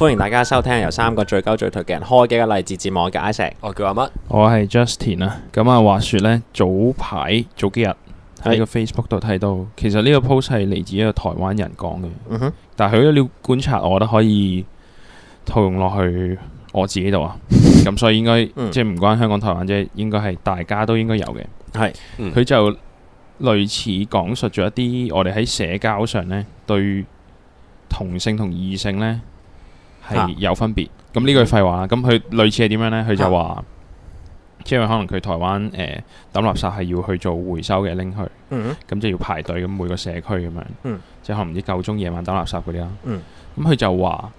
歡迎大家收聽由三個最高最頹嘅人開嘅一個勵志節目嘅 I 我叫阿乜，我係 Justin 啊。咁啊，話說呢，早排早幾日喺個 Facebook 度睇到。是其實呢個 post 係嚟自一個台灣人講嘅。嗯、哼，但係佢一啲觀察，我都可以套用落去我自己度啊。咁 所以應該、嗯、即係唔關香港台灣啫，應該係大家都應該有嘅。係，佢、嗯、就類似講述咗一啲我哋喺社交上呢對同性同異性，性呢。係有分別，咁呢句廢話。咁佢類似係點樣呢？佢就話，即係、啊、可能佢台灣誒、呃、抌垃圾係要去做回收嘅，拎去。嗯哼。咁就要排隊，咁每個社區咁樣。嗯、即係可能唔知夠鍾夜晚抌垃圾嗰啲啦。嗯。咁佢就話，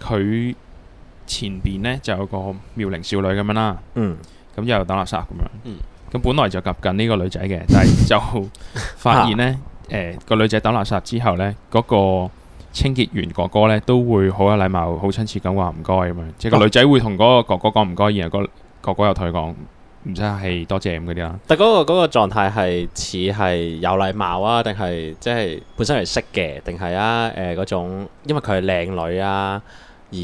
佢前邊呢就有個妙齡少女咁樣啦。嗯。咁又抌垃圾咁樣。嗯。咁本來就夾緊呢個女仔嘅， 但係就發現呢，誒、啊呃嗰個女仔抌垃圾之後呢，嗰、嗰個。清潔員哥哥呢都會好有禮貌，好親切咁話唔該咁樣，即係個女仔會同嗰個哥哥講唔該，然後個哥哥又同佢講唔使係多謝咁嗰啲啦。但係嗰個嗰個狀態係似係有禮貌啊，定係即係本身係識嘅，定係啊？誒，嗰種因為佢係靚女啊，而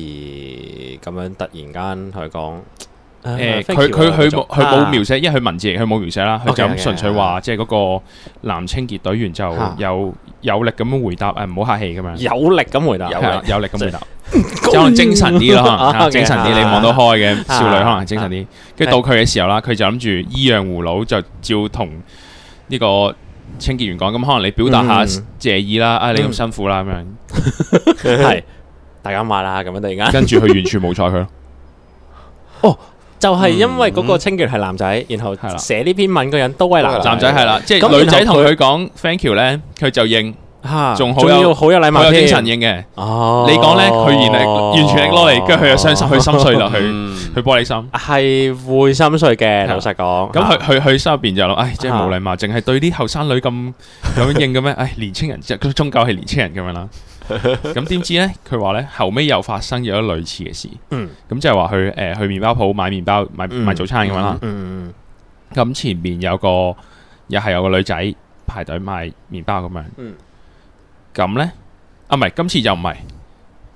咁樣突然間同佢講誒，佢佢佢冇佢冇描寫，因為佢文字型，佢冇描寫啦，佢就咁純粹話即係嗰個男清潔隊員就有。有力咁樣回答，誒唔好客氣咁樣。有力咁回答，有力咁回答，可能精神啲咯，精神啲你望到開嘅少女，可能精神啲。跟住到佢嘅時候啦，佢就諗住依樣葫蘆就照同呢個清潔員講，咁可能你表達下謝意啦，啊你咁辛苦啦咁樣，係大家話啦，咁樣突然間，跟住佢完全冇睬佢咯。哦。就係因為嗰個清潔係男仔，然後寫呢篇文嘅人都係男男仔係啦，即係女仔同佢講 thank you 咧，佢就應嚇，仲仲要好有禮貌、好有精神應嘅。哦，你講咧，佢完係完全攞嚟，跟住佢又傷心，佢心碎啦，佢佢玻璃心，係會心碎嘅。老實講，咁佢佢佢心入邊就諗，唉，真係冇禮貌，淨係對啲後生女咁咁應嘅咩？唉，年青人即係終究係年青人咁樣啦。咁點知呢？佢話呢，後尾又發生咗類似嘅事。嗯，咁就係話去誒去麵包鋪買麵包，買買早餐咁樣啦。咁前面有個又係有個女仔排隊買麵包咁樣。嗯。咁呢，啊唔係，今次就唔係。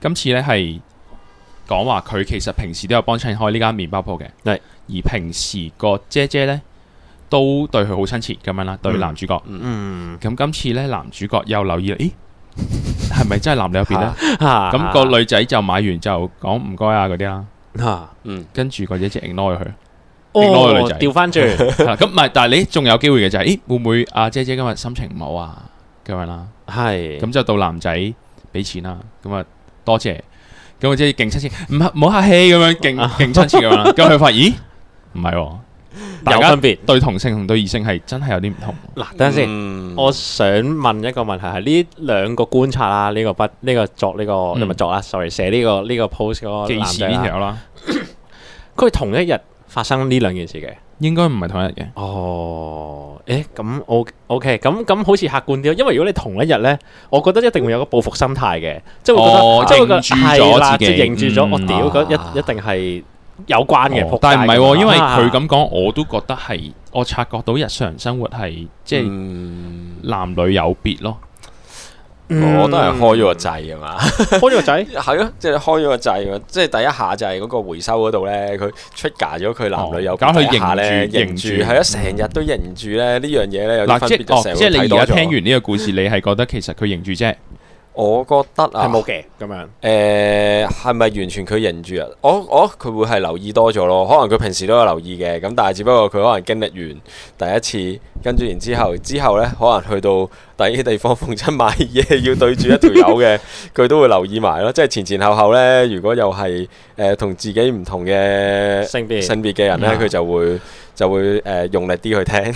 今次呢係講話佢其實平時都有幫襯開呢間麵包鋪嘅。而平時個姐姐呢，都對佢好親切咁樣啦，對男主角。嗯。咁今次呢，男主角又留意，咦？係咪真係男女入邊咧？吓？咁個女仔就買完就講唔該啊嗰啲啦吓，嗯，跟住個姐姐拎，落去，拎落去掉翻轉咁唔係，但係你仲有機會嘅就係，咦，會唔會阿姐姐今日心情唔好啊咁樣啦，係咁就到男仔俾錢啦，咁啊多謝，咁我姐勁親切，唔好客氣咁樣勁勁親切咁樣，咁佢發，咦唔係。有分別對同性，對異性同對異性係真係有啲唔同。嗱、啊，等陣先，嗯、我想問一個問題係呢兩個觀察啦，呢、這個筆呢、這個作呢、這個你咪、嗯、作啦，sorry 寫呢個呢、這個 post 嗰個故事啦。佢係 同一日發生呢兩件事嘅，應該唔係同一日嘅。哦，誒、欸，咁我 OK，咁咁好似客觀啲，因為如果你同一日咧，我覺得一定會有個報復心態嘅，即係會覺得即係個係啦，即係認住咗，我屌、嗯，覺一、啊、一定係。有關嘅，但係唔係，因為佢咁講，我都覺得係，我察覺到日常生活係即係男女有別咯。我都係開咗個掣啊嘛，開咗個掣係咯，即係開咗個掣，即係第一下就係嗰個回收嗰度咧，佢出格咗，佢男女有，搞佢認住認住，係啊，成日都認住咧呢樣嘢咧。嗱，即係即係你而家聽完呢個故事，你係覺得其實佢認住啫。我覺得啊，係冇嘅咁樣。誒係咪完全佢認住啊？我我佢會係留意多咗咯。可能佢平時都有留意嘅，咁但係只不過佢可能經歷完第一次，跟住然之後，之後呢，可能去到第啲地方，逢親買嘢要對住一條友嘅，佢 都會留意埋咯。即係前前後後呢，如果又係誒同自己唔同嘅性別嘅人呢，佢就會 Yeah. 就會誒、呃、用力啲去聽。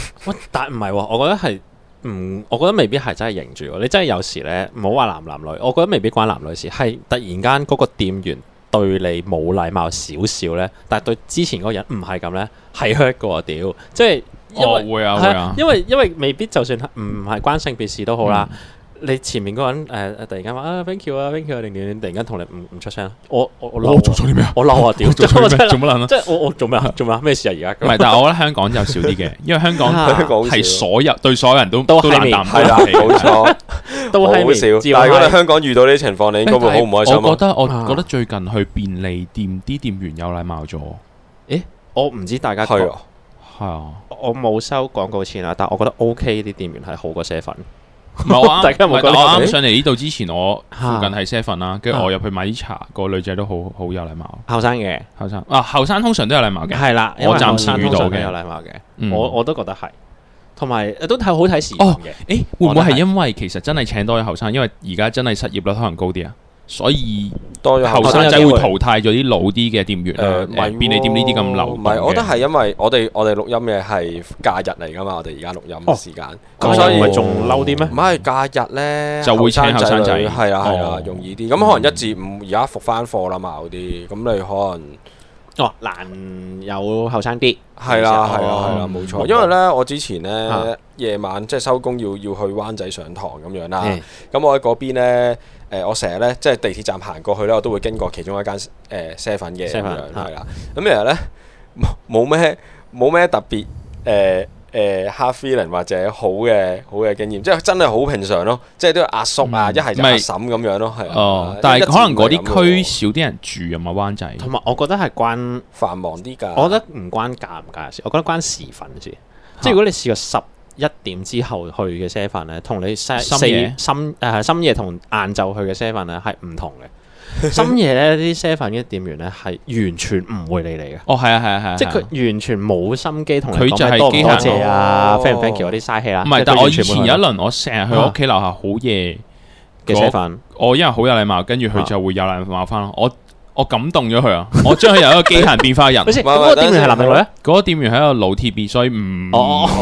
但唔係喎？我覺得係。唔、嗯，我覺得未必係真係認住。你真係有時呢，唔好話男男女，我覺得未必關男女事，係突然間嗰個店員對你冇禮貌少少呢，但對之前嗰個人唔係咁呢，係 heat 嘅屌，即、就、係、是、因為，哦會啊會啊、因為，因為未必就算唔係關性別事都好啦。嗯你前面嗰個人誒誒，突然間話啊，Thank you 啊，Thank you 啊，你你你突然間同你唔唔出聲，我我我做咗啲咩啊？我嬲啊！屌做乜做乜撚啊？即係我我做乜啊？做乜？咩事啊？而家唔係，但係我覺得香港就少啲嘅，因為香港香港係所有對所有人都都冷淡。係啦，冇錯，都係少。但係喺香港遇到呢啲情況，你應該會好唔開心。我覺得我覺得最近去便利店啲店員有禮貌咗。誒，我唔知大家係啊，我冇收廣告錢啊，但係我覺得 OK 啲店員係好過寫粉。唔係 大家唔係我啱上嚟呢度之前，我附近係 seven 啦，跟住我入去買啲茶，個女仔都好好有禮貌。後生嘅，後生啊，後生通常都有禮貌嘅，係啦。我暫時遇到嘅，有禮貌嘅。嗯、我我都覺得係，同埋都睇好睇時段嘅、哦欸。會唔會係因為其實真係請多啲後生？因為而家真係失業率可能高啲啊！所以，後生仔會淘汰咗啲老啲嘅店員咧。誒，便利店呢啲咁流。唔係，我覺得係因為我哋我哋錄音嘅係假日嚟噶嘛，我哋而家錄音時間，咁所以仲嬲啲咩？唔係假日咧，就會請後生仔，係啊係啊，容易啲。咁可能一至五而家復翻課啦嘛，嗰啲咁你可能哦難有後生啲。係啦係啦係啦，冇錯。因為咧，我之前咧夜晚即係收工要要去灣仔上堂咁樣啦，咁我喺嗰邊咧。誒我成日咧，即係地鐵站行過去咧，我都會經過其中一間 Seven 嘅。係啦。咁其實咧冇咩冇咩特別誒誒 hard feeling 或者好嘅好嘅經驗，即係真係好平常咯。即係都有阿叔啊，一係就阿嬸咁樣咯。係哦，但係可能嗰啲區少啲人住又咪灣仔，同埋我覺得係關繁忙啲㗎。我覺得唔關價唔價事，我覺得關時份先。即係如果你試過十一點之後去嘅 Seven 咧，同你深四深誒夜同晏晝去嘅 Seven 咧係唔同嘅。深夜咧啲 Seven 嘅店員咧係完全唔會理、哦啊啊啊、你嘅、啊啊。哦，係啊，係啊果，係。即係佢完全冇心機同你講太多謝啊 friend 唔 friend 嗰啲嘥氣啦。唔係，但係我以前有一輪我成日去我屋企樓下好夜嘅 Seven 我因為好有禮貌，跟住佢就會有禮貌翻咯。啊、我。我感動咗佢啊！我將佢由一個機械人變化人。唔係，唔係，嗰個店員係男定女咧？嗰個店員喺度老 TB，所以唔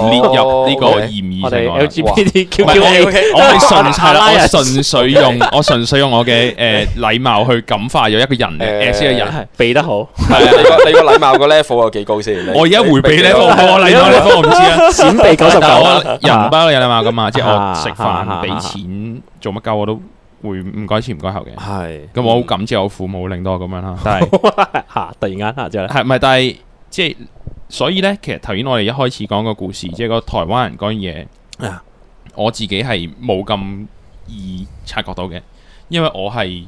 列入呢個嫌疑之外。有 GPT Q Q A，我係純粹啦，我純粹用我純粹用我嘅誒禮貌去感化咗一個人嘅 A C 嘅人，肥得好。係啊，你個你個禮貌個 level 有幾高先？我而家迴避 level，我禮貌 level 我唔知啊。閃避九十九啊！人唔包有禮貌㗎嘛，即係我食飯俾錢做乜鳩我都。會唔唔該前唔該後嘅，係咁是我好感謝我父母、嗯、令到我咁樣啦，但係吓突然間吓就唔係但係即係所以咧，其實頭先我哋一開始講個故事，即係、嗯、個台灣人講嘢、啊、我自己係冇咁易察覺到嘅，因為我係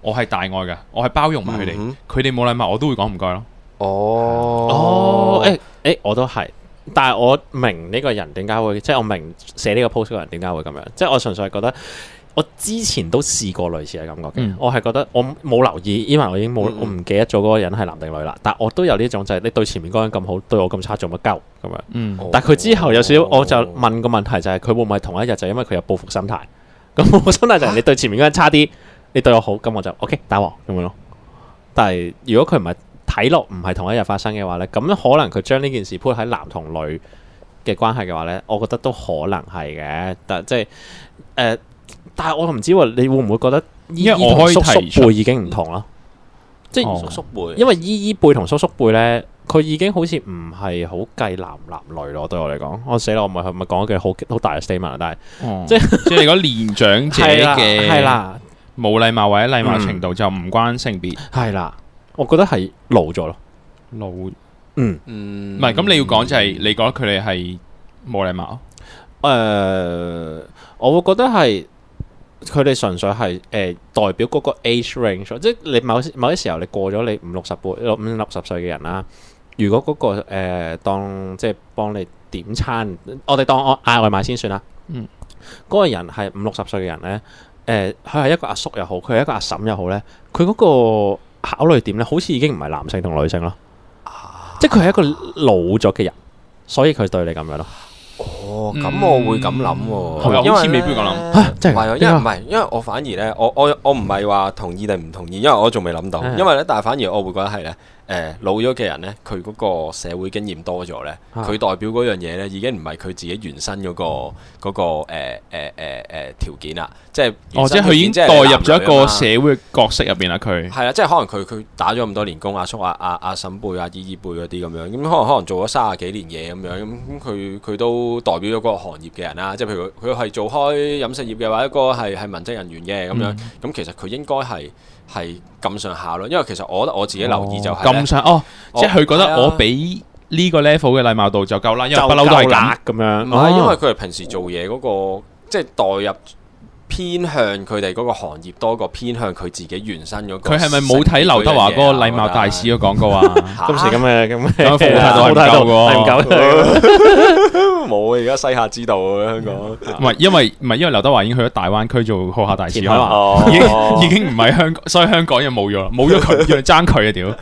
我係大愛㗎，我係包容埋佢哋，佢哋冇禮貌我都會講唔該咯。哦哦，誒誒、哦欸欸，我都係，但係我明呢個人點解會，即、就、係、是、我明寫呢個 post 嗰個人點解會咁樣，即、就、係、是、我純粹係覺得。我之前都試過類似嘅感覺嘅，嗯、我係覺得我冇留意，因為我已經冇，我唔記得咗嗰個人係男定女啦。但我都有呢種就係、是、你對前面嗰個人咁好，對我咁差，做乜鳩咁樣？嗯、但佢之後有少，少，我就問個問題就係、是、佢會唔會同一日就是、因為佢有報復心態？咁、 嗯、心態就係、是、你對前面嗰人差啲，你對我好，咁我就 OK 打鑊咁樣咯。但係如果佢唔係睇落唔係同一日發生嘅話呢，咁可能佢將呢件事鋪喺男同女嘅關係嘅話呢，我覺得都可能係嘅，但即係誒。呃但係我唔知喎，你會唔會覺得姨姨同叔叔輩已經唔同啦？即係叔叔輩，哦，因為姨姨輩同叔叔輩呢，佢已經好似唔係好計男男女咯。對我嚟講，哦，我死咯，我咪咪講一句好好大嘅 statement，但係，嗯、即係如果年長者嘅係啦，冇禮貌或者禮貌程度就唔關性別，係啦、嗯，我、嗯嗯嗯就是、覺得係老咗咯，老嗯嗯，唔係咁你要講就係你講佢哋係冇禮貌。誒、嗯嗯嗯嗯嗯嗯嗯嗯，我會覺得係。佢哋純粹係誒、呃、代表嗰個 age range，即係你某啲某啲時候，你過咗你五六十歲、五六,六十歲嘅人啦。如果嗰、嗰個誒、呃、當即係幫你點餐，我哋當我嗌外賣先算啦。嗯，嗰個人係五六十歲嘅人呢，誒、呃，佢係一個阿叔又好，佢係一個阿嬸又好呢。佢嗰個，個考慮點呢，好似已經唔係男性同女性咯，啊、即係佢係一個老咗嘅人，所以佢對你咁樣咯。咁、哦、我會咁諗喎，係係因為咧嚇，真係因為唔係因為我反而咧，我我我唔係話同意定唔同意，因為我仲未諗到，的因為咧，但係反而我會覺得係咧。誒老咗嘅人咧，佢嗰個社會經驗多咗咧，佢、啊、代表嗰樣嘢咧，已經唔係佢自己原身嗰、嗰個嗰、嗰個誒誒誒條件啦。即係或者佢已經代入咗一個社會角色入邊啦。佢係啊，即係可能佢佢打咗咁多年工，阿叔阿阿阿嬸輩、阿姨姨輩嗰啲咁樣，咁可能可能做咗三十幾年嘢咁樣，咁佢佢都代表咗個行業嘅人啦。即係譬如佢佢係做開飲食業嘅話，一個係係文職人員嘅咁樣，咁其實佢應該係。係咁上下咯，因為其實我覺得我自己留意就係咁上哦，上哦我即係佢覺得我俾呢個 level 嘅禮貌度就夠啦，因為不嬲都係咁咁樣，唔係，因為佢係平時做嘢嗰個我即係代入。偏向佢哋嗰個行業多過偏向佢自己原生嗰個。佢係咪冇睇劉德華嗰個禮貌大使嘅廣告啊？ 今時今日咁，我冇睇到，冇睇到，冇。冇。而家西夏之道嘅香港，唔係 因為唔係因為劉德華已經去咗大灣區做酷客大使啊嘛後， 已經已經唔係香港，所以香港又冇咗，冇咗佢，原來爭佢啊屌！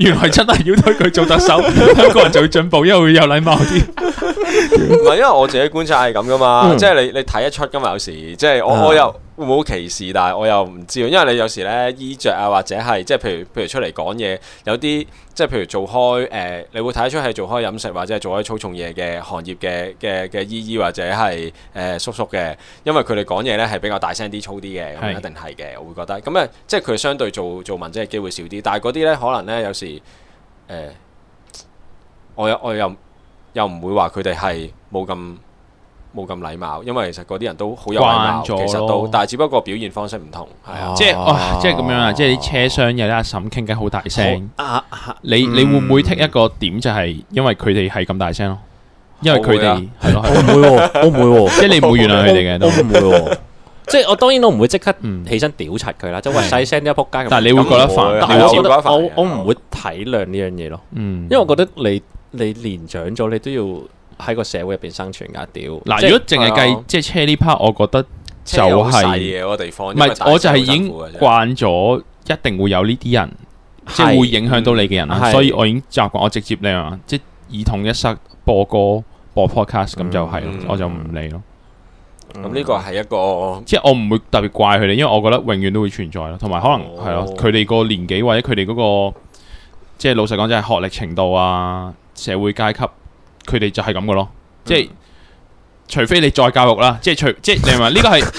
原來真係要對佢做特首，香港人就要進步，因為會有禮貌啲。唔 係 因為我自己觀察係咁噶嘛，嗯、即係你你睇得出噶嘛，有時即係我、嗯。我又會冇歧視，但係我又唔知，因為你有時咧衣着啊，或者係即係譬如譬如出嚟講嘢，有啲即係譬如做開誒、呃，你會睇得出係做開飲食或者係做開粗重嘢嘅行業嘅嘅嘅姨姨或者係誒、呃、叔叔嘅，因為佢哋講嘢咧係比較大聲啲粗啲嘅，咁是一定係嘅，我會覺得。咁啊，即係佢相對做做文職嘅機會少啲，但係嗰啲咧可能咧有時誒、呃，我又我又又唔會話佢哋係冇咁。冇咁禮貌，因為其實嗰啲人都好有慣咗，其實都，但係只不過表現方式唔同，係啊，即係哇，即係咁樣啊，即係啲車廂有啲阿嬸傾緊好大聲，你你會唔會 take 一個點就係因為佢哋係咁大聲咯？因為佢哋係咯，我唔會，我唔會，即係你唔會原諒佢哋嘅，我唔會，即係我當然都唔會即刻唔起身屌柒佢啦，即係話細聲啲仆街咁，但係你會覺得煩，但係我我我唔會體諒呢樣嘢咯，嗯，因為我覺得你你年長咗，你都要。喺個社會入邊生存噶，屌嗱！如果淨係計即係車呢 part，我覺得就係唔係。我就係已經慣咗，一定會有呢啲人，即係會影響到你嘅人啊！所以我已經習慣，我直接你啊，即係耳筒一塞播歌播 podcast 咁就係，我就唔理咯。咁呢個係一個即係我唔會特別怪佢哋，因為我覺得永遠都會存在咯。同埋可能係咯，佢哋個年紀或者佢哋嗰個即係老實講，就係學歷程度啊，社會階級。佢哋就係咁嘅咯，即係除非你再教育啦，即係除即係你話呢個係，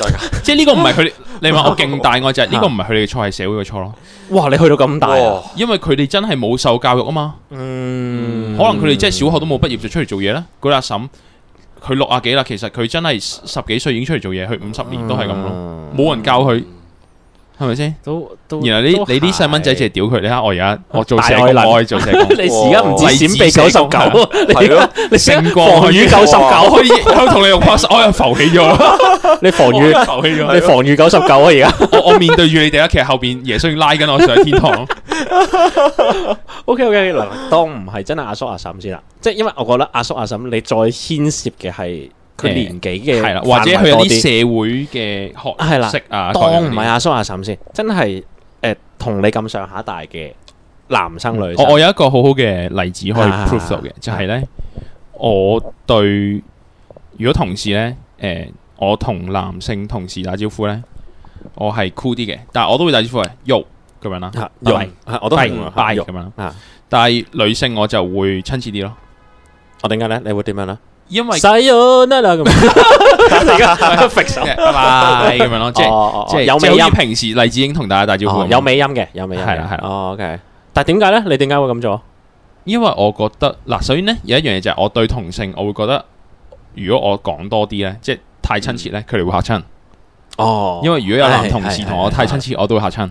即係呢個唔係佢哋。你話我勁大我就係呢個唔係佢哋嘅錯，係社會嘅錯咯。哇，你去到咁大啊？因為佢哋真係冇受教育啊嘛嗯嗯。嗯，可能佢哋即係小學都冇畢業就出嚟做嘢咧。嗰阿嬸佢六啊幾啦，其實佢真係十幾歲已經出嚟做嘢，去五十年都係咁咯，冇、嗯、人教佢。係咪先？都都，原來你你啲細蚊仔淨係屌佢，你睇我而家我做社愛做社工，你而家唔知閃避九十九，你升過防御九十九，可以？我同你用快手，我又浮起咗。你防御浮起咗，你防御九十九啊！而家我我面對住你哋啦，其實後邊耶穌拉緊我上天堂。O K O K，嗱，當唔係真係阿叔阿嬸先啦，即係因為我覺得阿叔阿嬸你再牽涉嘅係。佢年紀嘅，或者佢有啲社會嘅學識啊，當唔係阿叔阿嬸先，真係誒同你咁上下大嘅男生女。我有一個好好嘅例子可以 prove 到嘅，就係咧，我對如果同事咧，誒我同男性同事打招呼咧，我係酷啲嘅，但係我都會打招呼嘅，喐咁樣啦，喐我都係咁樣啦，但係女性我就會親切啲咯。我點解咧？你會點樣咧？因為使得啦咁，點解？搵手係咁樣咯，即係即係有尾音。平時黎志英同大家打招呼有尾音嘅，有尾音係啦係啦。哦，OK。但係點解咧？你點解會咁做？因為我覺得嗱，首先呢，有一樣嘢就係我對同性我會覺得，如果我講多啲咧，即係太親切咧，佢哋會吓親。哦，因為如果有男同事同我太親切，我都會吓親。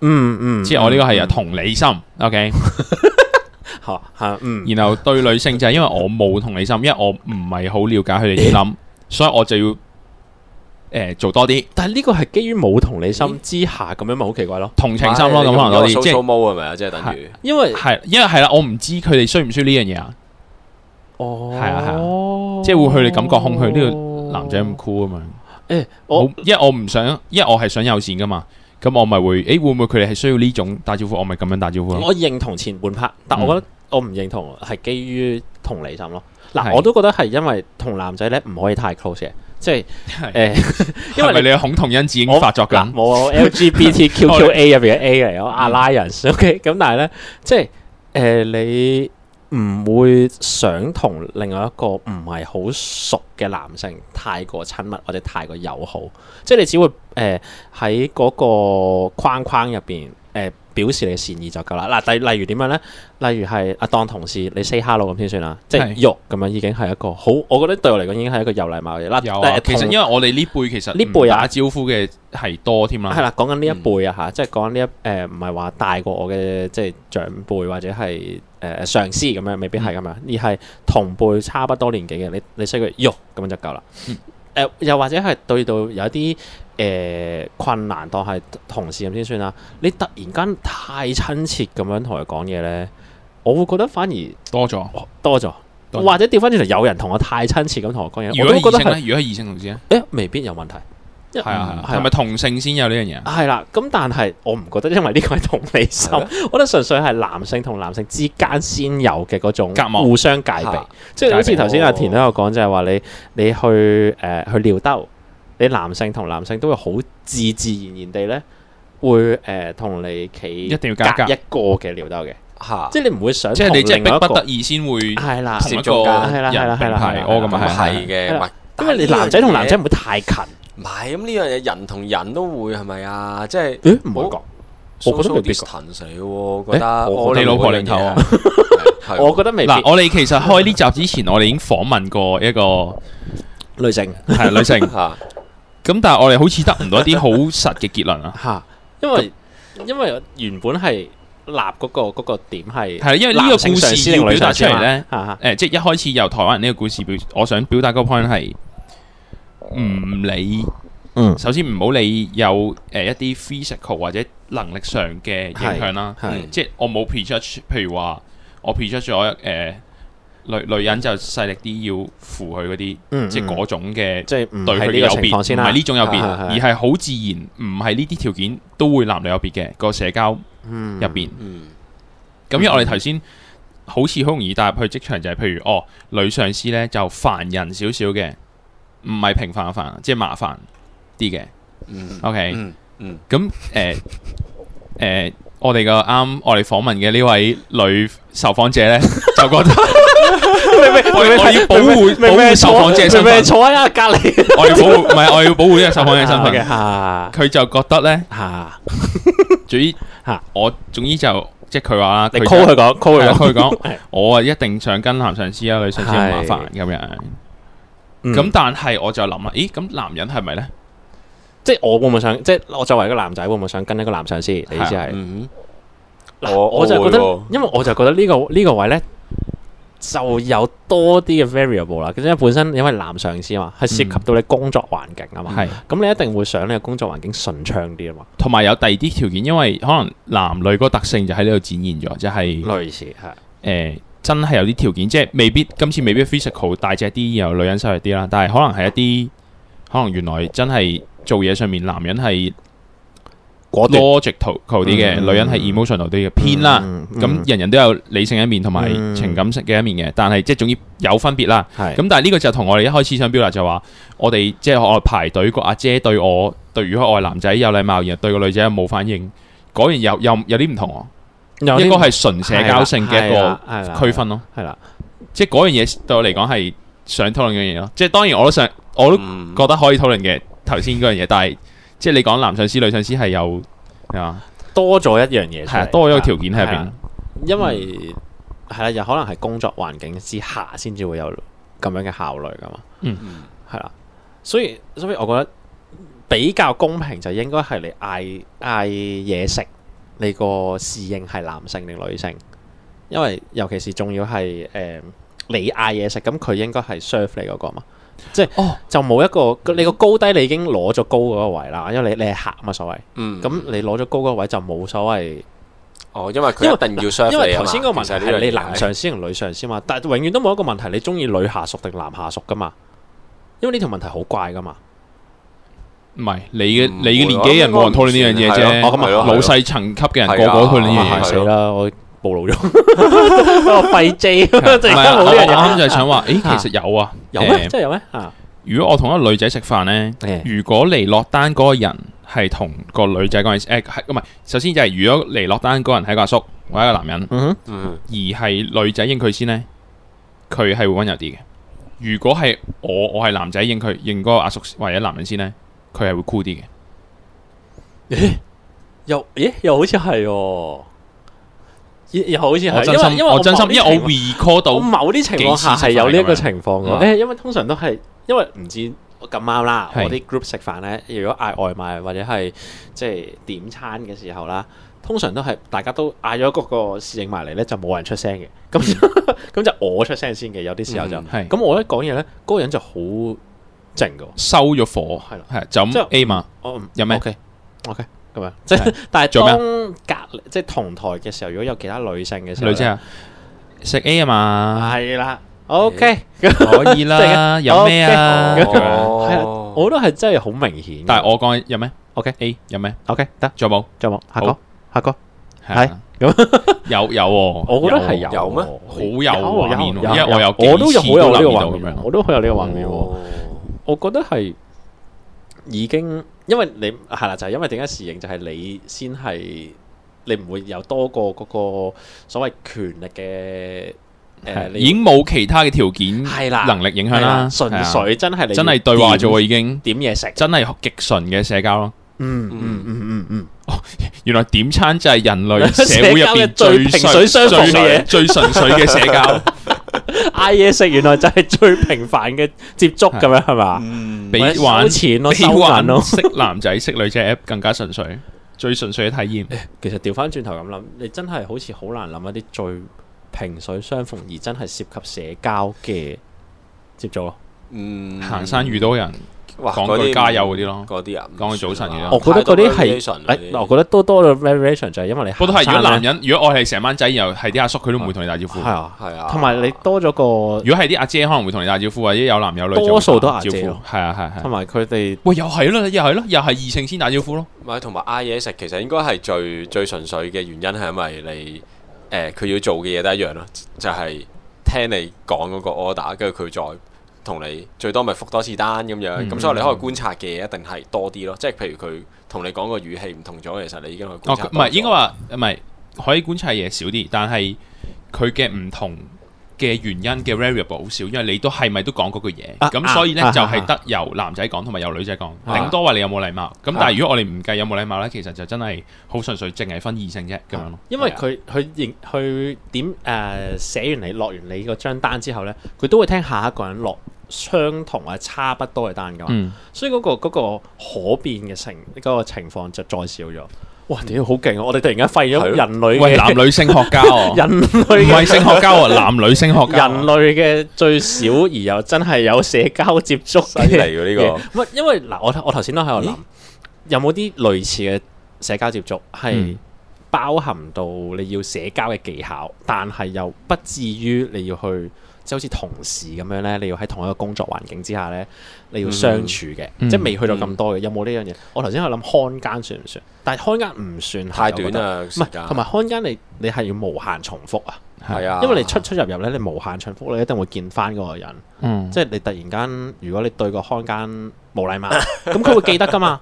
嗯嗯，即係我呢個係同理心。OK。吓嗯。然後對女性就係因為我冇同理心，因為我唔係好了解佢哋點諗，所以我就要誒做多啲。但係呢個係基於冇同理心之下，咁樣咪好奇怪咯？同情心咯，咁可能多啲，即係掃掃即係等於，因為係，因為係啦，我唔知佢哋需唔需要呢樣嘢啊。哦，係啊，係啊，即係會去你感覺空虛呢個男仔咁 cool 啊嘛。誒，我，因為我唔想，因為我係想友善噶嘛。咁我咪會，誒會唔會佢哋係需要呢種打招呼？我咪咁樣打招呼咯。我認同前半 part，但我覺得。我唔認同係基於同理心咯。嗱，是我都覺得係因為同男仔咧唔可以太 close 嘅，即係誒，呃、是不是因為你嘅恐同因子已經發作緊。冇 LGBTQQA 入邊嘅 A 嚟，我 Alliance OK。咁但係咧，即係誒、呃、你唔會想同另外一個唔係好熟嘅男性太過親密或者太過友好，即係你只會誒喺嗰個框框入邊誒。呃表示你嘅善意就夠啦。嗱，例例如點樣咧？例如係阿當同事你 say hello 咁先算啦。即係喐咁樣已經係一個好，我覺得對我嚟講已經係一個有禮貌嘅嘢、啊。但係同其實因為我哋呢輩其實呢輩、啊、打招呼嘅係多添啊。係啦，講緊呢一輩啊吓，嗯、即係講緊呢一誒，唔係話大過我嘅即係長輩或者係誒、呃、上司咁樣，未必係咁樣，而係同輩差不多年紀嘅你，你 say 佢喐咁樣就夠啦。誒、嗯呃，又或者係對到有一啲。誒、呃，困難當係同事咁先算啦。你突然間太親切咁樣同佢講嘢咧，我會覺得反而多咗，多咗，或者調翻轉頭有人同我太親切咁同我講嘢。如果異性咧，如果異性同事咧，誒、欸，未必有問題。係啊，係咪、啊啊啊、同性先有呢樣嘢？係啦、啊，咁但係我唔覺得，因為呢個係同理心，啊、我覺得純粹係男性同男性之間先有嘅嗰種夾互相戒備。即係好似頭先阿田都有講，就係、是、話你你，你，你去誒、呃、去尿兜，兜。你男性同男性都會好自自然然地咧，會誒同你企一定要隔一個嘅尿兜嘅，吓，即係你唔會想即係你即係逼不得已先會係啦，同一個人並排，我咁啊係嘅，因為你男仔同男仔唔會太近，唔係咁呢樣嘢人同人都會係咪啊？即係唔好講，我嗰個 distance 覺得你老過兩頭啊，我覺得未。我哋其實開呢集之前，我哋已經訪問過一個女性，係女性吓。咁但係我哋好似得唔到一啲好實嘅結論啊！嚇，因為因為原本係立嗰個嗰個點係係，因為呢個故事要表達出嚟咧，誒，即係一開始由台灣人呢個故事表，我想表達個 point 係唔理，嗯，首先唔好理有誒一啲 physical 或者能力上嘅影響啦，係，即係我冇 pitch 出，譬如話我 pitch 出咗誒。女女人就勢力啲，要扶佢嗰啲，即係嗰種嘅，即係對佢啲有別，唔係呢種有別，而係好自然，唔係呢啲條件都會男女有別嘅個社交入邊。咁因為我哋頭先好似好容易帶入去職場，就係譬如哦，女上司呢就煩人少少嘅，唔係平凡凡，即係麻煩啲嘅。OK，咁誒誒，我哋個啱我哋訪問嘅呢位女受訪者呢，就覺得。我要保護，明唔明？坐喺隔籬。我要保護，唔係，我要保護呢個受訪者身份嘅。吓，佢就覺得咧，吓，總之吓，我總之就即係佢話啦，call 佢講，call 佢講，我啊一定想跟男上司啊，女上司咁麻煩咁樣。咁但係我就諗啦，咦？咁男人係咪咧？即係我會唔會想？即係我作為一個男仔，會唔會想跟一個男上司？你意思係？我我就覺得，因為我就覺得呢個呢個位咧。就有多啲嘅 variable 啦，因為本身因為男上司啊嘛，係涉及到你工作環境啊嘛，咁、嗯、你一定會想你嘅工作環境順暢啲啊嘛，同埋有第二啲條件，因為可能男女個特性就喺呢度展現咗，即、就、係、是、類似係誒、呃，真係有啲條件，即係未必今次未必 physical 大隻啲，又女人細隻啲啦，但係可能係一啲可能原來真係做嘢上面男人係。多 logic 圖圖啲嘅女人係 emotional 啲嘅偏啦，咁人人都有理性一面同埋情感性嘅一面嘅，但係即係總之有分別啦。咁但係呢個就同我哋一開始想表達就話，就是、我哋即係我排隊個阿姐對我，對如果我係男仔有禮貌，然後對個女仔冇反應，嗰樣又又有啲唔同喎。點一個係純社交性嘅一個區分咯，係啦，即係嗰樣嘢對我嚟講係想討論嘅樣嘢咯。即係當然我都想，我都覺得可以討論嘅頭先嗰樣嘢，但係。即係你講男上司、女上司係有多啊多咗一樣嘢，係多咗個條件喺入邊。因為係啦，又、嗯啊、可能係工作環境之下先至會有咁樣嘅效率噶嘛。嗯係啦、啊，所以所以我覺得比較公平就應該係你嗌嗌嘢食，你個侍應係男性定女性？因為尤其是仲要係誒、呃、你嗌嘢食，咁佢應該係 serve 你嗰個嘛。即係，就冇一個你個高低，你已經攞咗高嗰個位啦。因為你你係客嘛，所謂，咁你攞咗高嗰個位就冇所謂。哦，因為因為佢一定要因為頭先個問題，係你男上司同女上司嘛，但係永遠都冇一個問題，你中意女下屬定男下屬㗎嘛？因為呢條問題好怪㗎嘛。唔係你嘅你嘅年紀人冇人討論呢樣嘢啫。老細層級嘅人個個都去呢樣嘢係啦。暴露咗，我廢 J，就啱係想話，誒，其實有啊，有、啊，即係有咩？吓，如果我同一個女仔食飯呢，嗯、如果嚟落單嗰個人係同個女仔講嘢，誒、欸，唔、啊、係？首先就係如果嚟落單嗰人係個阿叔或者個男人，嗯、哼而係女仔應佢先呢，佢係會溫柔啲嘅。如果係我，我係男仔應佢，應個阿叔或者男人先呢，佢係會酷啲嘅、嗯欸。又咦、欸？又好似係哦。又好似係，因為我真心，因為我 recall 到，某啲情況下係有呢一個情況嘅。誒，因為通常都係，因為唔知咁啱啦。我啲 group 食飯咧，如果嗌外賣或者係即係點餐嘅時候啦，通常都係大家都嗌咗嗰個侍應埋嚟咧，就冇人出聲嘅。咁咁就我出聲先嘅。有啲時候就係咁，我一講嘢咧，嗰個人就好靜㗎，收咗火。係啦，係就咁 A 嘛。哦，OK，OK。咁啊，即係但係當隔即係同台嘅時候，如果有其他女性嘅時候，女仔啊，食 A 啊嘛，係啦，OK，可以啦，有咩啊？係啊，我覺得係真係好明顯。但係我講有咩？OK，A 有咩？OK，得仲有冇？仲有冇？下個，下個，係咁，有有，我覺得係有咩？好有，因為我有，我都有好有呢個畫面，我都好有呢個畫面。我覺得係已經。因為你係啦，就係因為點解侍應就係你先係，你唔會有多過嗰個所謂權力嘅，已經冇其他嘅條件，係啦，能力影響啦，純粹真係真係對話啫喎，已經點嘢食，真係極純嘅社交咯。嗯嗯嗯嗯嗯，哦，原來點餐就係人類社會入邊最純粹、最純粹嘅社交。嗌嘢食原來就係最平凡嘅接觸，咁樣係嘛，比玩錢咯，收咯、啊，識男仔識女仔 app 更加純粹，最純粹嘅體驗、欸。其實調翻轉頭咁諗，你真係好似好難諗一啲最萍水相逢而真係涉及社交嘅接觸咯。嗯，行山遇到人。講句加油嗰啲咯，嗰啲啊，講句早晨嘅咯。我覺得嗰啲係，我覺得多多咗 variation 就係、是、因為你。嗰都係，如果男人，如果我係成班仔，然後係啲阿叔，佢都唔會同你打招呼。係啊，係啊。同埋你多咗個。啊啊、如果係啲阿姐可能會同你打招呼，或者有男有女。多數都打招呼。係啊，係係。同埋佢哋，喂，又係咯，又係咯，又係異性先打招呼咯。同埋嗌嘢食，其實應該係最最純粹嘅原因係因為你，誒、呃，佢要做嘅嘢都一樣咯，就係、是、聽你講嗰個 order，跟住佢再。同你最多咪復多次單咁樣，咁、嗯、所以你可以觀察嘅一定係多啲咯。即係譬如佢同你講個語氣唔同咗，其實你已經去觀察。唔係應該話唔係可以觀察嘢、啊、少啲，但係佢嘅唔同嘅原因嘅 variable 好少，因為你是是都係咪都講嗰句嘢？咁、啊、所以呢，啊啊、就係得由男仔講同埋由女仔講，頂、啊、多話你有冇禮貌。咁、啊、但係如果我哋唔計有冇禮貌呢，啊、其實就真係好純粹，淨係分異性啫咁、啊、樣咯。因為佢佢認佢點誒寫完你落完你嗰張單之後呢，佢都會聽下一個人落。相同啊，差不多嘅單噶、嗯、所以嗰、嗰個、嗰個可變嘅情嗰個情況就再少咗。哇，屌好勁！我哋突然間廢咗人類、啊、喂，男女性學家啊， 人類唔係性學家啊，男女性學家、啊，人類嘅最少而又真係有社交接觸嚟嘅呢個。 因為嗱，我我頭先都喺度諗，咦有冇啲類似嘅社交接觸係包含到你要社交嘅技巧，但係又不至於你要去。即好似同事咁樣呢，你要喺同一個工作環境之下呢，你要相處嘅，嗯、即係未去到咁多嘅。嗯、有冇呢樣嘢？嗯、我頭先我諗看更算唔算？但係看更唔算太短啦，唔係，同埋看更你你係要無限重複啊，係啊、嗯，因為你出出入入呢，你無限重複，你一定會見翻嗰個人。嗯、即係你突然間，如果你對個看更冇禮貌，咁佢 會記得㗎嘛。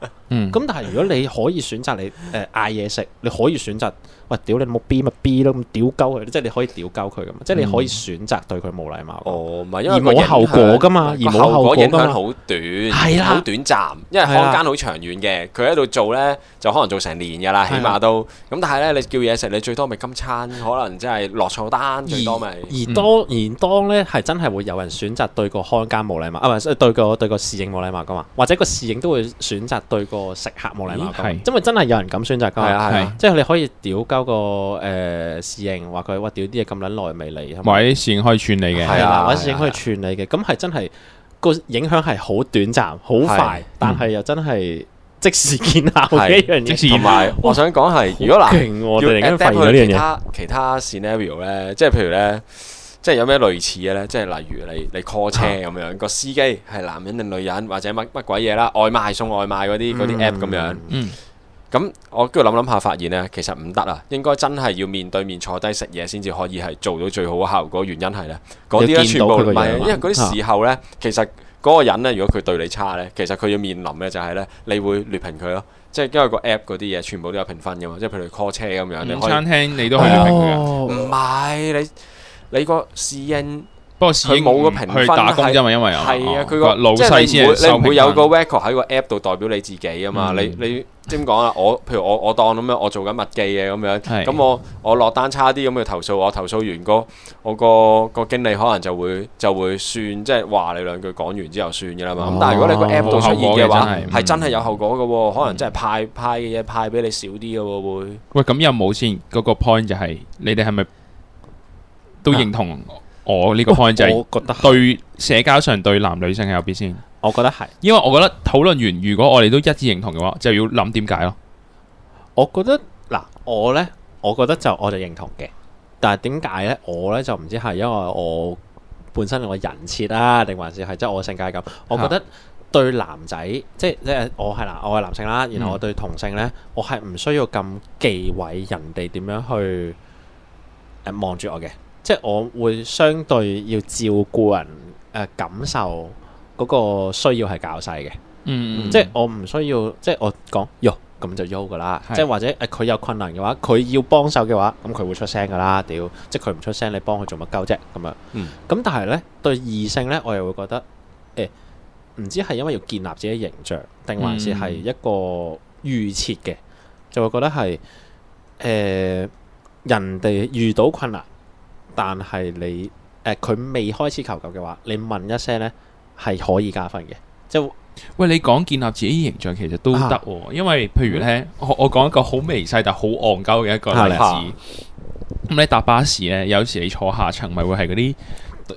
咁、嗯、但係如果你可以選擇你誒嗌嘢食，你可以選擇喂屌你冇 B 咪 B 咯，咁屌鳩佢，即係你可以屌鳩佢噶嘛，嗯、即係你可以選擇對佢冇禮貌。哦，唔係因為冇後果噶嘛，而冇後果影響好短，係，是啦，好短暫，因為開間好長遠嘅，佢喺度做咧就可能做成年噶啦，起碼都咁。是啊、但係咧你叫嘢食，你最多咪今餐，可能即係落錯單，最多咪、就、而、是、而當然當咧係真係會有人選擇對個看間冇禮貌，啊唔係對、個對、個侍應冇禮貌噶嘛，或者個侍應都會選擇對個。食客冇禮貌？係，因為真係有人噉選擇交啊，係，即係你可以屌交個誒侍應，話佢話屌啲嘢咁撚耐未嚟，係咪？侍應可以串你嘅，係啊，或者侍應可以串你嘅，咁係真係個影響係好短暫、好快，但係又真係即時見效嘅一樣嘢。同埋我想講係，如果嗱，我哋突然間發現咗呢樣嘢，其他其他 scenario 咧，即係譬如咧。即係有咩類似嘅呢？即係例如你你 call 車咁樣，個司機係男人定女人，或者乜乜鬼嘢啦？外賣送外賣嗰啲嗰啲 app 咁樣。嗯。咁我跟住諗諗下，發現呢，其實唔得啊！應該真係要面對面坐低食嘢先至可以係做到最好嘅效果。原因係呢，嗰啲全部唔係，因為嗰啲時候呢，其實嗰個人呢，如果佢對你差呢，其實佢要面臨嘅就係呢，你會劣評佢咯。即係因為個 app 嗰啲嘢全部都有評分嘅嘛，即係譬如 call 車咁樣，你餐廳你都可以劣評佢。唔係你。你個侍應，不過佢冇個評分，佢打工啫嘛，因為係啊，佢個老細先受評分。你唔會有個 record 喺個 app 度代表你自己啊嘛？你你即係點講啊？我譬如我我當咁樣，我做緊麥記嘅咁樣，咁我我落單差啲咁去投訴，我投訴完個我個個經理可能就會就會算，即係話你兩句講完之後算嘅啦嘛。咁但係如果你個 app 度出現嘅話，係真係有後果嘅喎，可能真係派派嘅嘢派俾你少啲嘅喎會。喂，咁又冇先嗰個 point 就係你哋係咪都認同我呢個方針，我覺得對社交上對男女性有別先？我覺得係，因為我覺得討論完，如果我哋都一致認同嘅話，就要諗點解咯。我覺得嗱，我呢，我覺得就我就認同嘅，但係點解呢？我呢就唔知係因為我本身嘅人設啊，定還是係即係我性格咁。我覺得對男仔、啊，即係即係我係男，我係男，男性啦。然後我、嗯、對同性呢，我係唔需要咁忌諱人哋點樣去望住、呃、我嘅。即係我會相對要照顧人誒，感受嗰個需要係較細嘅，嗯，即係我唔需要，即係我講喲咁就喐噶啦。即係或者誒，佢有困難嘅話，佢要幫手嘅話，咁佢會出聲噶啦。屌，即係佢唔出聲，你幫佢做乜鳩啫咁啊？咁、嗯、但係咧對異性咧，我又會覺得誒，唔、呃、知係因為要建立自己形象，定還是係一個預設嘅，嗯、就會覺得係誒、呃、人哋遇到困難。但係你誒，佢、呃、未開始求救嘅話，你問一聲呢，係可以加分嘅。即係喂，你講建立自己形象其實都得、哦，啊、因為譬如呢，我我講一個好微細但好戇鳩嘅一個例子。咁、啊啊、你搭巴士呢，有時你坐下層咪會係嗰啲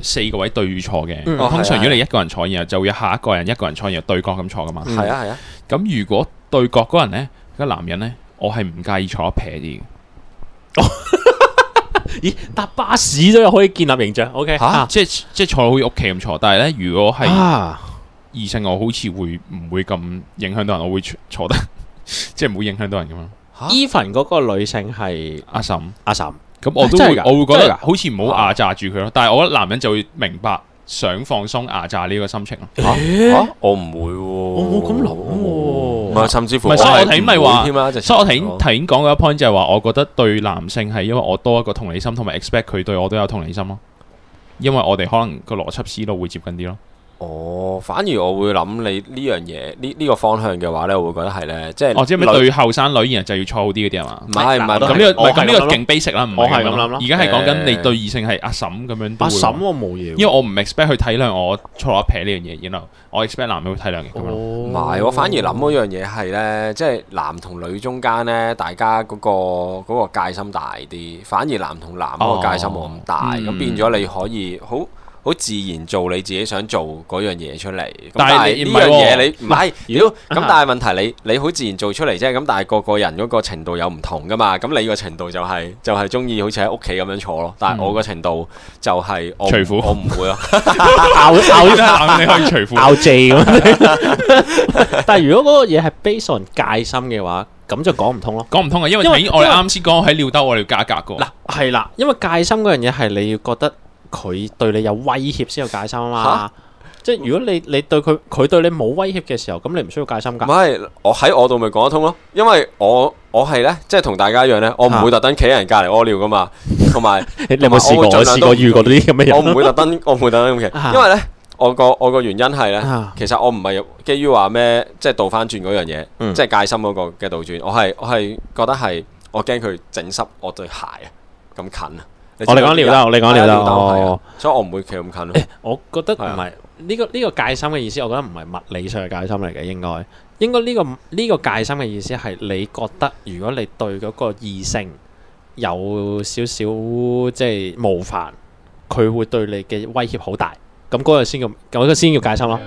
四個位對住坐嘅、嗯。哦，通常如果你一個人坐，然後就會有下一個人、嗯、一個人坐，然後對角咁坐噶嘛。係啊係啊。咁如果對角嗰人呢，個男人呢，我係唔介意坐一撇啲 咦，搭巴士都有可以建立形象，OK？嚇蛤，啊、即係即係坐好似屋企咁坐，但係咧如果係，異性我好似會唔會咁影響到人？我會坐得即係唔會影響到人咁咯。Even 嗰、啊、個女性係阿嬸嬸，阿嬸嬸，咁我都會，啊、我會覺得好似唔好壓榨住佢咯。啊、但係我覺得男人就會明白。想放鬆壓榨呢個心情？我唔會喎，我冇咁諗喎。甚至乎，會所以我睇咪話，所以我頭先講嗰個 point 就係話，我覺得對男性係因為我多一個同理心，同埋 expect 佢對我都有同理心咯。因為我哋可能個邏輯思路會接近啲咯。哦，反而我會諗你呢樣嘢，呢呢個方向嘅話咧，我會覺得係咧，即係我知係咪？對後生女人就要粗啲嗰啲係嘛？唔係唔係，咁呢個唔係呢個勁 basic 啦，唔係咁諗咯。而家係講緊你對異性係阿嬸咁樣。阿嬸我冇嘢，因為我唔 expect 去體諒我粗魯一撇呢樣嘢，然後我 expect 男人會體諒嘅。哦，唔係我反而諗嗰樣嘢係咧，即係男同女中間咧，大家嗰個嗰個戒心大啲，反而男同男嗰個戒心冇咁大，咁變咗你可以好。好自然做你自己想做嗰樣嘢出嚟，但係呢樣嘢你唔係，如果是，咁、啊！但係問題你你好自然做出嚟啫，咁但係個個人嗰個程度有唔同噶嘛？咁你個程度就係、是、就係中意好似喺屋企咁樣坐咯，但係我個程度就係、是、我隨乎 我唔會咯，out o 你可以除褲咁。 但係如果嗰個嘢係 basic 戒心嘅話，咁就講唔通咯，講唔通啊，因為我剛剛因為，因為我哋啱先講喺尿兜我哋要加價噶，嗱係啦，因為戒心嗰樣嘢係你要覺得。佢對你有威脅先有戒心啊嘛！即係如果你你對佢佢對你冇威脅嘅時候，咁你唔需要戒心噶。唔係我喺我度咪講得通咯？因為我我係咧，即係同大家一樣咧，我唔會特登企喺人隔離屙尿噶嘛。同埋你有冇試過？試過遇過啲咁嘅嘢？我唔會特登，我唔會特登咁嘅。因為咧，我個我個原因係咧，其實我唔係基於話咩，即係倒返轉嗰樣嘢，即係戒心嗰個嘅倒轉。我係我係覺得係我驚佢整濕我對鞋啊！咁近啊！我哋講聊得，在我哋講聊得，所以我唔會企咁近。誒、欸，我覺得唔係呢個呢個戒心嘅意思，我覺得唔係物理上嘅戒心嚟嘅，應該應該呢個呢個戒心嘅意思係你覺得如果你對嗰個異性有少少即係冒犯，佢會對你嘅威脅好大，咁嗰個先叫咁嗰個先叫戒心咯、啊。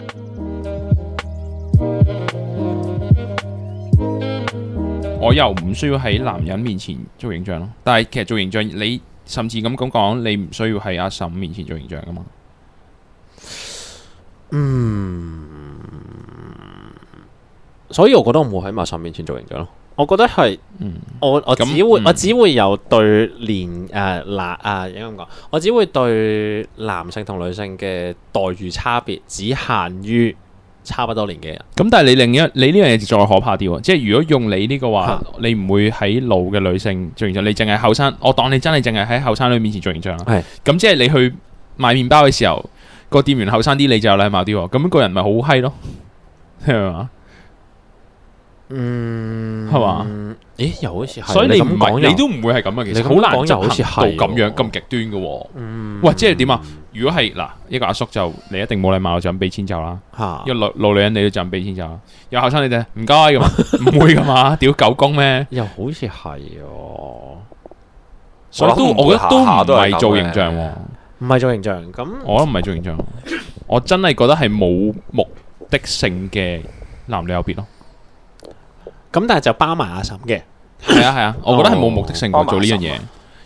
我又唔需要喺男人面前做形象咯，但係其實做形象你。甚至咁咁講，你唔需要喺阿嬸面前做形象噶嘛？嗯，所以我覺得我唔會喺阿嬸面前做形象咯。我覺得係，嗯、我我只會、嗯、我只會有對連誒男啊，應該咁講，我只會對男性同女性嘅待遇差別，只限於。差不多年紀啊！咁、嗯、但係你另一你呢樣嘢就再可怕啲喎，即係如果用你呢個話，哈你唔會喺老嘅女性做形象，你淨係後生，我當你真係淨係喺後生女面前做形象啦。係的，咁、嗯、即係你去買麵包嘅時候，個店員後生啲你就有禮貌啲，咁、那個人咪好嗨咯，明嘛？嗯，係嘛？咦，又好似係。所以你咁講，你都唔會係咁啊。其實好難執行到咁樣咁極端噶。嗯，喂，即係點啊？如果係嗱，一個阿叔就你一定冇禮貌，就唔俾錢走啦。吓，一個老老女人你都唔俾錢走啦。有後生你哋唔該噶嘛？唔會噶嘛？屌狗公咩？又好似係哦。所以都，我覺得都唔係做形象，唔係做形象。咁，我都唔係做形象。我真係覺得係冇目的性嘅男女有別咯。咁但係就包埋阿嬸嘅，係 啊，係啊，我覺得係冇目的性的，啊、做呢樣嘢，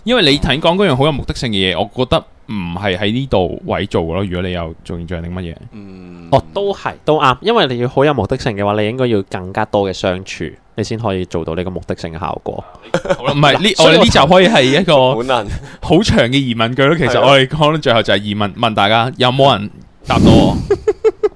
因為你頭先講嗰樣好有目的性嘅嘢，我覺得唔係喺呢度位做咯。如果你有做現象定乜嘢，嗯，哦都係都啱，因為你要好有目的性嘅話，你應該要更加多嘅相處，你先可以做到呢個目的性嘅效果。唔係呢，我哋呢集可以係一個好長嘅疑問句咯。其實我哋講到最後就係疑問問大家，有冇人答到我？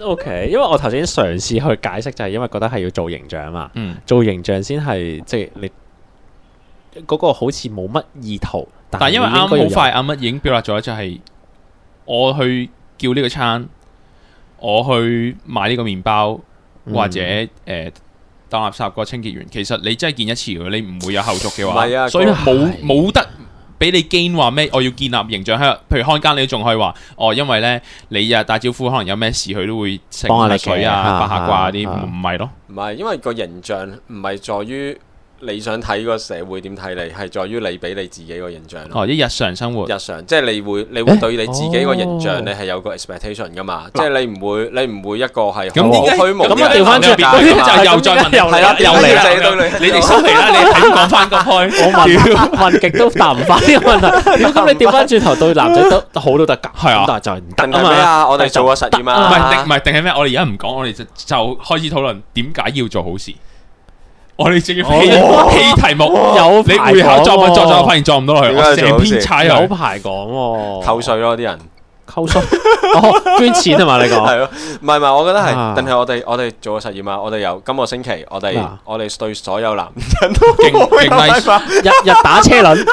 O、okay, K，因為我頭先嘗試去解釋就係因為覺得係要做形象嘛，嗯、做形象先係即係你嗰、那個好似冇乜意圖，但係因為啱好快啱啱、嗯啊、已經表達咗就係我去叫呢個餐，我去買呢個麵包或者誒、呃、當垃圾個清潔員，其實你真係見一次嘅，你唔會有後續嘅話， 啊、所以冇冇是得。俾你驚話咩？我要建立形象，喺譬如看間，你仲可以話哦，因為咧你日、啊、打招呼，可能有咩事佢都會清下水啊、八、啊、下卦啲，唔係、啊啊、咯，唔係因為個形象唔係在於，你想睇個社會點睇你，係在於你俾你自己個形象哦，啲日常生活。日常，即係你會，你會對你自己個形象，你係有個 expectation 噶嘛？即係你唔會，你唔會一個係好虛無。咁啊，調翻轉啦！又再問，係啦，又嚟啦！你哋收皮啦！你講翻咁開，我問問極都答唔翻呢個問題。屌，咁你調翻轉頭對男仔都好都得㗎，係啊？就係唔得。問題啊？我哋做個實驗啊！唔係定唔係定係咩？我哋而家唔講，我哋就就開始討論點解要做好事。我哋仲要批批題目，有你背下作文，作文發現作唔到落去，成篇踩有排講，扣稅咯啲人、扣稅，捐錢係嘛你講？係咯，唔係唔係，我覺得係。但係我哋我哋做個實驗啊，我哋由今個星期，我哋我哋對所有男人都勁勁力日日打車輪，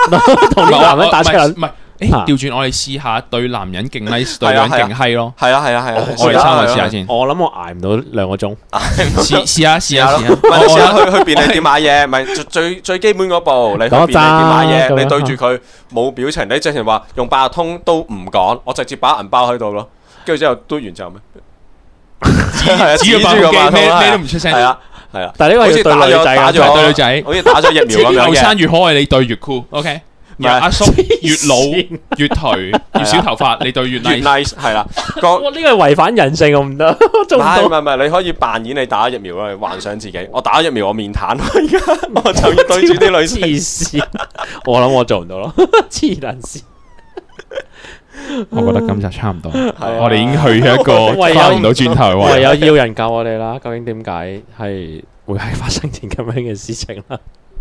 同啲男人打車輪，唔係。誒，調轉，我哋試下對男人勁 nice，對女人勁閪咯。係啊係啊係啊，我哋可以參與試下先。我諗我挨唔到兩個鐘。試試下試下咯，咪試下去去便利店買嘢，咪最最基本嗰步嚟，買嘢，你對住佢冇表情，你直接話用八達通都唔講，我直接把銀包喺度咯，跟住之後嘟完之後就咩？係啊，黐住嘅，咩咩都唔出聲。係啊係啊。但係呢個好似對女仔，對女仔好似打咗疫苗咁樣嘅。後生越可愛，你對越 cool。OK。阿叔，越老越頹，越少頭髮，你對越 nice 係啦。哇，呢個係違反人性，我唔得，做唔到。唔係唔係，你可以扮演你打疫苗咯，幻想自己，我打咗疫苗，我面癱，我而家我就要對住啲女士。我諗我做唔到咯，黐人事，我覺得今日差唔多，我哋已經去咗一個翻唔到轉頭，唯有要人救我哋啦。究竟點解係會係發生件咁樣嘅事情啦？